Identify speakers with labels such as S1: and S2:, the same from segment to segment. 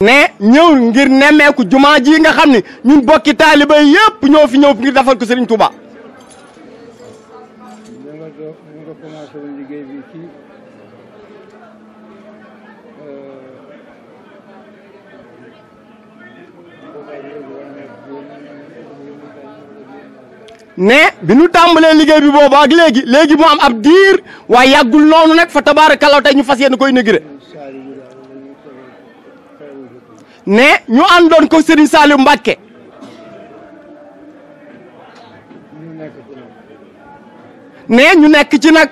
S1: ne ñëw ngir nemmeeku jumaa ji nga xam ne ñun bokki taaliba yépp ñoo fi ñëw ngir defal ko Serigne Touba. ne bi ñu tàmbalee liggéey bi boobu ak léegi léegi moo am ab diir waaye yàggul noonu nag fa tabaarakallah tey ñu fas ne koy inauguré. ne ñu àndoon ko Serigne Saliou Mbacké ne ñu nekk ci nag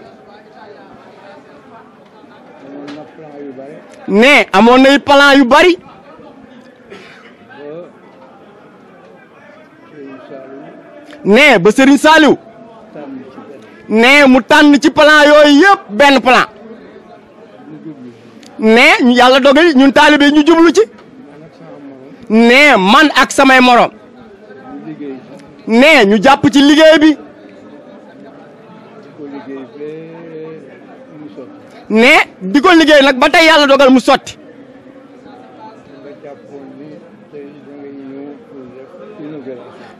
S1: ne amoon nay plan yu bari ne ba Serigne Saliou ne mu tànn ci plan yooyu yëpp benn plan ñu yàlla dogal ñun taalibe ñu jublu ci nee man ak samay morom nee ñu jàpp ci liggéey bi nee di ko liggéey nag ba tey yàlla dogal mu sotti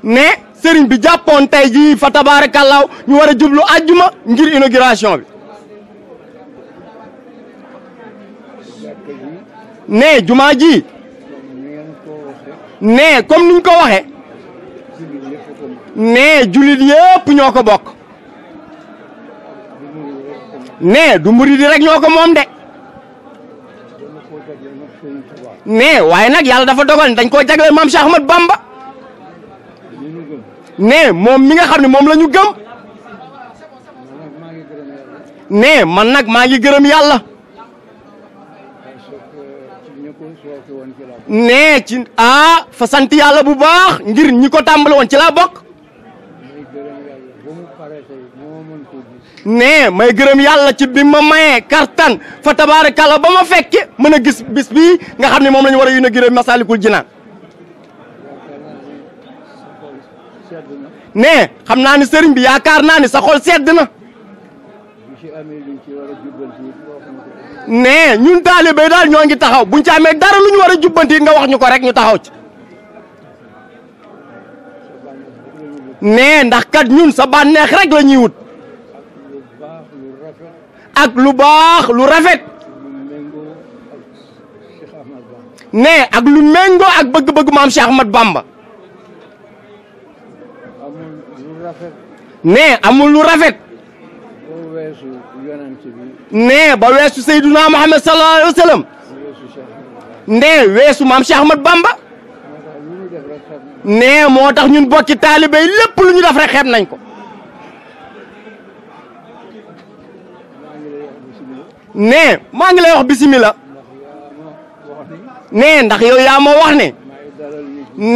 S1: nee sëriñ bi jàppoon tey jii fa tabaarakallaaw ñu war a jublu àjjuma ngir inauguration bi nee jumaa ji nee comme niñ ko waxe nee jullit yëpp ñoo ko bokk nee du murid yi rek ñoo ko moom de nee waaye nag yàlla dafa dogal dañ koo jagleel maam Cheikh Ahmad Bamba nee moom mi nga xam ne moom la ñu gëm nee man nag maa ngi gërëm yàlla ne ci ah fa sant yàlla bu baax ngir ñi ko tàmbali woon ci laa bokk ne may gërëm yàlla ci bi ma mayee kartan fa tabaarakalla ba ma fekke mën a gis bis bii nga xam ne moom lañu war a yu na gërëm Masaalikul Jinaan ne xam naa ni sëriñ bi yaakaar naa ni sa xol sedd na mais ñun taalibe daal ñoo ngi taxaw buñ ci amee dara lu ñu war a jubbanti nga wax ñu ko rek ñu taxaw ci. mais ndax kat ñun sa bànneex rek la wut ak lu baax lu rafet mais ak lu mengo ak bëgg-bëgg maam Cheikh Ahmad Bamba mais amul lu rafet. nee ba weesu Seyduna Muhammad sallallahu alayhi nee weesu maam Cheikh Ahmad Bamba nee moo tax ñun bokki taalibe yi lépp lu ñu def rek xeeb nañ ko nee maa ngi lay wax bisimila nee ndax yow yaa ma wax ne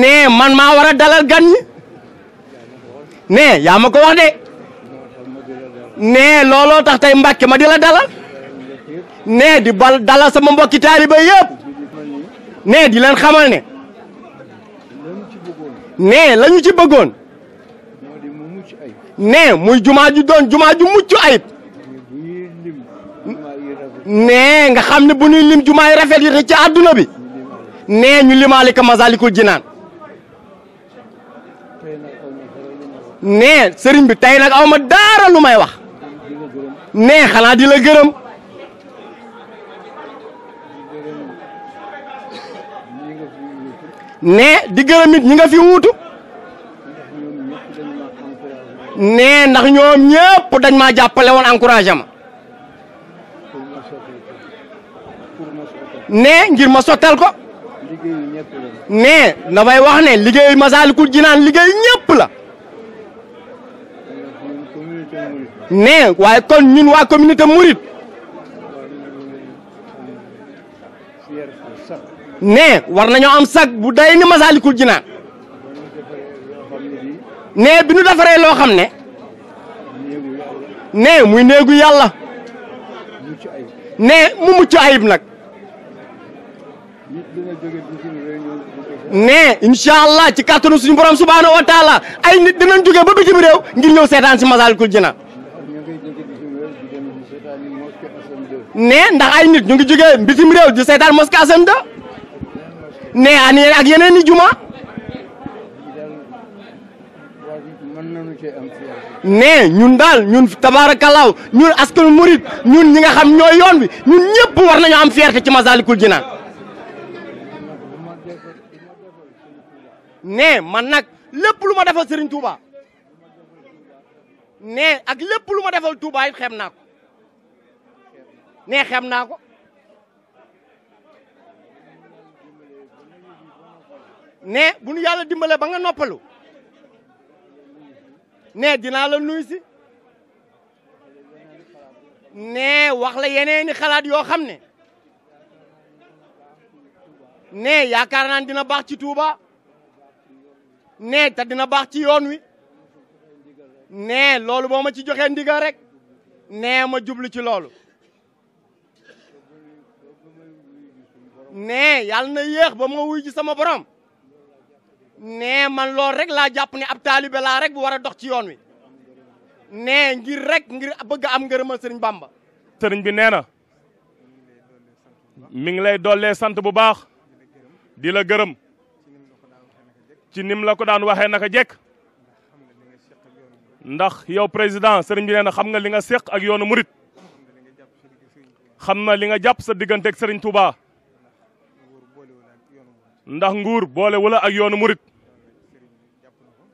S1: nee man maa war a dalal gan ñi nee yaa ko wax de nee looloo tax tey Mbàkke ma di la dalal nee di bal dalal sama mbokki taaliba yëpp nee di leen xamal ne nee lañu ci bëggoon nee muy jumaa doon jumaa ju mucc ayib nee nga xam ne bu ñuy lim jumaa yi rafet yi ci àdduna bi nee ñu limaale ko Masaalikul Jinaan nee sëriñ bi tey nag awma ma daara lu may wax nee xanaa di la gërëm nee di gërëm ñi nga fi wuutu nee ndax ñoom ñëpp dañ ma jàppale woon encouragé nee ngir ma sottal ko nee damay wax ne liggéey Masaalikul Jinaan liggéey ñëpp la ne waaye kon ñun waa communauté Mouride. ne war nañoo am sag bu day ni Masaalikul jinaa ne bi ñu defaree loo xam ne. ne muy néegu yàlla. ne mu mucc ayib nag. ne incha allah ci kàttanu suñu borom subhaanahu wa taala ay nit dinañ jóge ba bitim réew ngir ñëw seetaan si Masaalikul jinaa ne ndax ay nit ñu ngi jógee bitim réew di seetaan mosquée Assane II ani ak yeneen i juma ne ñun daal ñun tabaarakallaaw ñun askanu murit ñun ñi nga xam ñooy yoon bi ñun ñëpp war nañu am fierté ci Masaalikul Jinaan ne man nag lépp lu ma defal Serigne Touba ne ak lépp lu ma defal Touba it xeeb naa nee xam naa ko nee bu nu yàlla dimbale ba nga noppalu ne dinaa la nuyu si ne wax la yeneeni xalaat yoo xam ne ne yaakaar naan dina baax ci tuuba ne te dina baax ci yoon wi ne loolu boo ma ci joxee ndigal rek nee ma jublu ci loolu ne yàlla na yéex ba ma wuy ji sama borom ne man loolu rek laa jàpp ne ab taalibe laa rek bu war a dox ci yoon wi ne ngir rek ngir bëgg am ngërëmal sëriñ Bamba.
S2: sëriñ bi nee na mi ngi lay dollee sant bu baax di la gërëm ci nim la ko daan waxee naka jekk ndax yow président sëriñ bi nee na xam nga li nga séq ak yoonu murit xam na li nga jàpp sa digganteek sëriñ Touba. ndax nguur boole wala ak yoonu murit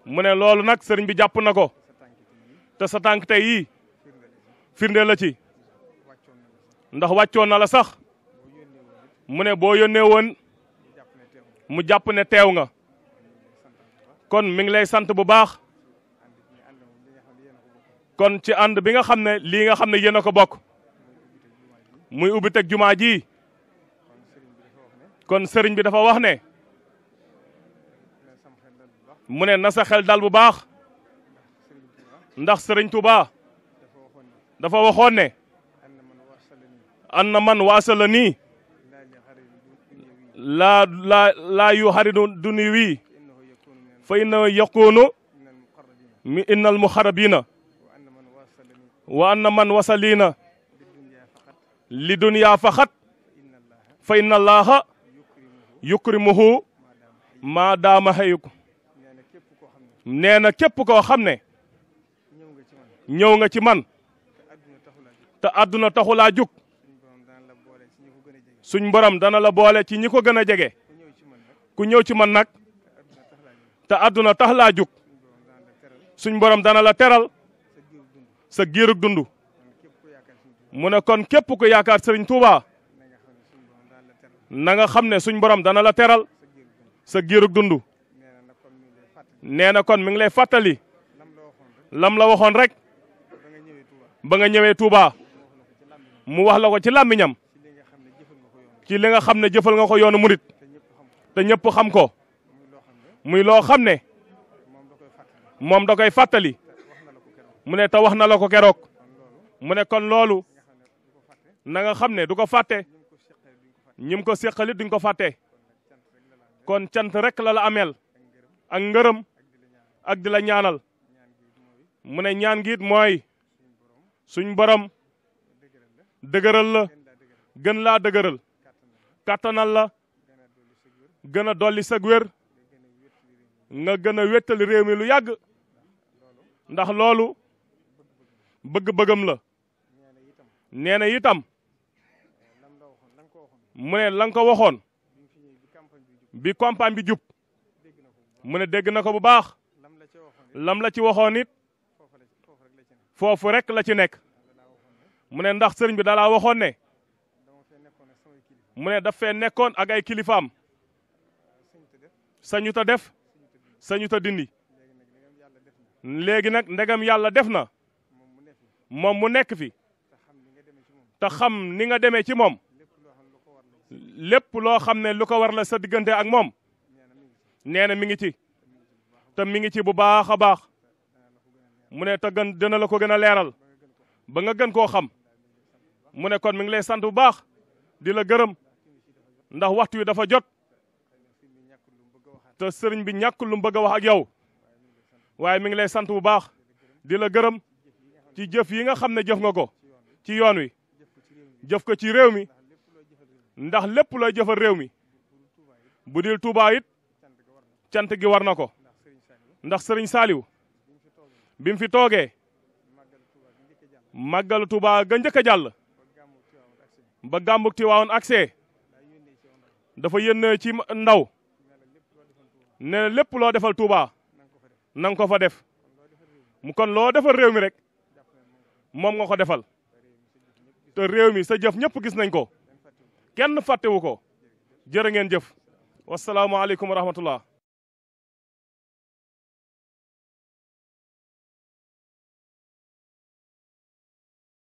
S2: mu ne loolu nag sëriñ bi jàpp na ko te sa tànk tey yii firnde la ci ndax wàccoon na la sax mu ne boo yónnee woon mu jàpp ne teew nga kon mi ngi lay sant bu baax kon ci ànd bi nga xam ne lii nga xam ne yéen a ko bokk muy ubbi teg jumaa ji kon sëriñ bi dafa wax ne mu ne na sa xel dal bu baax ndax sëriñ Tuuba dafa waxoon ne an na man waasala nii laa laa laa yu xaridu duni wii fa inna yakuunu mi innal muxarabina wa anna man wasaliina li duniyaa faxat fa inna allaaha yukrimuhu maa daama hayuku nee na képp koo xam ne ñëw nga ci man te àdduna taxu laa jug suñ mborom dana la boole ci ñi ko gën a jege ku ñëw ci man nag te àdduna tax laa jug suñ borom dana la teral sa giirug dund mu ne kon képp ku yaakaar sëriñ Tuubaa na xam ne suñ borom dana la teral sa giirug dund nee na kon mi ngi lay fàttali lam la waxoon rek ba nga ñëwee tuuba mu wax la ko ci làmmiñam ci li nga xam ne jëfal nga ko yoonu murit te ñëpp xam ko muy loo xam ne moom do koy fàttali mu ne te wax na la ko keroog mu ne kon loolu na xam ne du ko fàtte ñim ko séqalit duñ ko fàtte kon cant rek lala la ameel ak ngërëm ak di la ñaanal mu ne ñaan giit mooy suñ borom dëgëral la gën laa dëgëral kàttanal la gën a dolli sag wér nga gën a wéttali réew mi lu yàgg ndax loolu bëgg-bëggam la nee na itam mu ne lan nga ko waxoon bi campagne bi jub mu ne dégg na ko bu baax lam la ci waxoon it foofu rek la ci nekk mu ne ndax sëriñ bi dalaa waxoon ne mu ne daf fee nekkoon ak ay kilifaam sañu ta def sañu ta dindi léegi nag ndegam yàlla def na moom mu nekk fi te xam ni nga demee ci moom lépp loo xam ne lu ko war la sa diggante ak moom nee na mi ngi ci te mi ngi ci bu baax a baax mu ne te gën dina ko gën a leeral ba nga gën koo xam mu ne kon mi ngi lay sant bu baax di la gërëm ndax waxtu wi dafa jot te sëriñ bi ñàkk lu mu bëgg a wax ak yow waaye mi ngi lay sant bu baax di la gërëm ci jëf yi nga xam ne jëf nga ko ci yoon wi jëf ko ci réew mi ndax lépp looy jëfal réew mi bu dil Touba cant gi war na ko ndax sëriñ Saaliw bi mu fi toogee màggalu Touba ga njëkk a jàll ba gàmbug Tiwaawoon dafa yónnee ci ndaw ne lépp loo defal Touba na nga ko fa def mu kon loo defal réew mi rek moom nga ko defal te réew mi sa jëf ñëpp gis nañ ko kenn fàttewu ko jërë ngeen jëf wasalaamualeykum wa rahmatullah